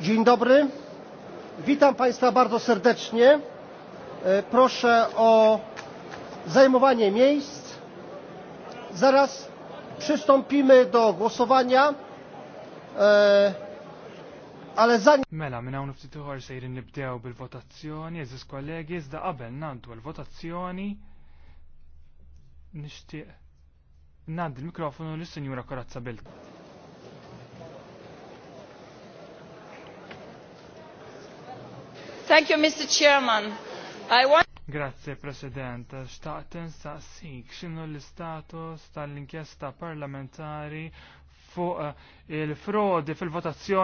Dzień dobry. Witam Państwa bardzo serdecznie. E, proszę o zajmowanie miejsc. Zaraz przystąpimy do głosowania. E, ale zanim. Mela, minna unu ftit uħor sejrin nibdew bil-votazzjoni, eżis kollegi, iżda qabel nandu l-votazzjoni. Nishtiq. Nandu l mikrofonu l-Sinjura Korazza Bilt. Thank you, Mr. Chairman. Grazie President, xtaqt insaqsik x'inhu l-istatus tal-inkjesta parlamentari fuq eh, il-frodi fil-votazzjoni